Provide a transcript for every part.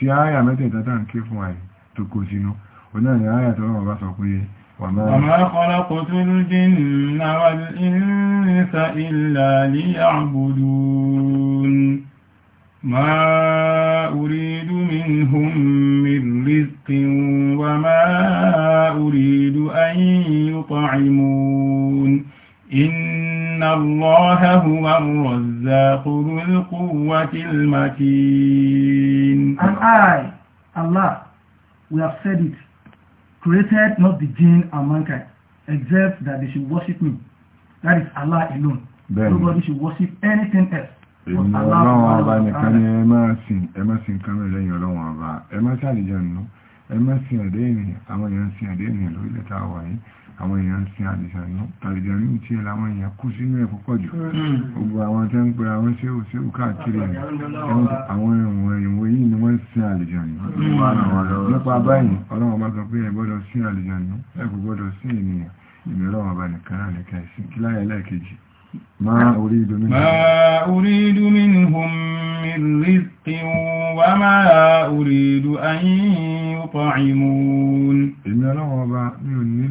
tí ááyà mẹ́tẹ̀ẹ̀ta tá ń ké fún àì tó kó sínú oná ni ááyà tó rọrùn bá sọ pé وما خلقت الجن والإنس إلا ليعبدون ما أريد منهم من رزق وما أريد أن يطعمون إن الله هو الرزاق ذو القوة المتين And I, Allah, we have said it, created not the jinn and mankind, except that they should worship me. That is Allah alone. Then, Nobody should worship anything else. Ìmọ̀ ọba nìkan ni ẹ kan mẹ́rin lẹ́yìn ọlọ́run ọba, ẹ máa sàlìjẹ́ nù, ẹ àwọn ènìyàn lórílẹ̀ tá a wà yìí àwọn èèyàn sin àdìsànú tàbíjànú tí ẹ láwọn èèyàn kú sínú ẹ̀ púpọ̀ jù hmm. gbogbo àwọn tẹ́ ń pẹ àwọn sí òsí òkàkiri hmm. àwọn ìwò yìí ni wọ́n sin àdìsànú nípa báyìí ọlọ́wọ́n bá sọ pé ẹ gbọ́dọ̀ sin àdìsànú ẹ kò gbọ́dọ̀ sin ènìyàn ìmìlọ́wọ́n bá nìkan náà ما أريد منهم ما وما أريد أن يطعمون إن الله أبا من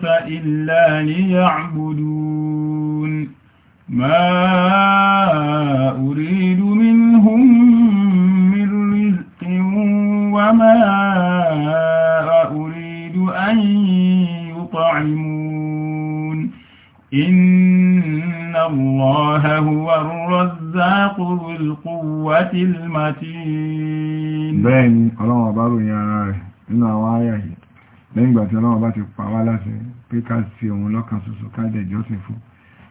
الناس إلا ليعبدون ما أريد منهم من رزق وما أريد أن يطعمون إن الله هو الرزاق ذو القوة المتين بين الله أبارو يا رأي إنه lẹ́yìn ìgbà tí ọlọ́run bá ti pa wá láṣẹ pé ká sí òun lọ́kàn ṣoṣo ká dẹ̀ jọ́sìn fún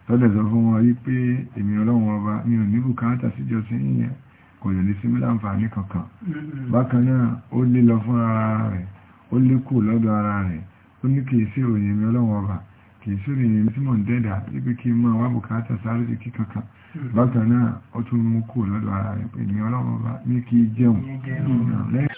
tọ́dẹ̀ sọ fún wọn rí pé èmi ọlọ́run ọba mi ò ní bùkátà sí jọ́sìn yẹn kò lè lè sí mi láǹfààní kankan bákan náà ó lé lọ fún ara rẹ̀ ó lé kù lọ́dọ̀ ara rẹ̀ ó ní kì í sí òyìn mi ọlọ́run ọba kì í sí òyìn mi tí mò ń dẹ́dà wípé kí n máa wá bùkátà sáré sí kí kankan bákan náà ó tún mú kù lọ́dọ̀ ara rẹ̀ èmi ọlọ́run ọba mi kì í jẹun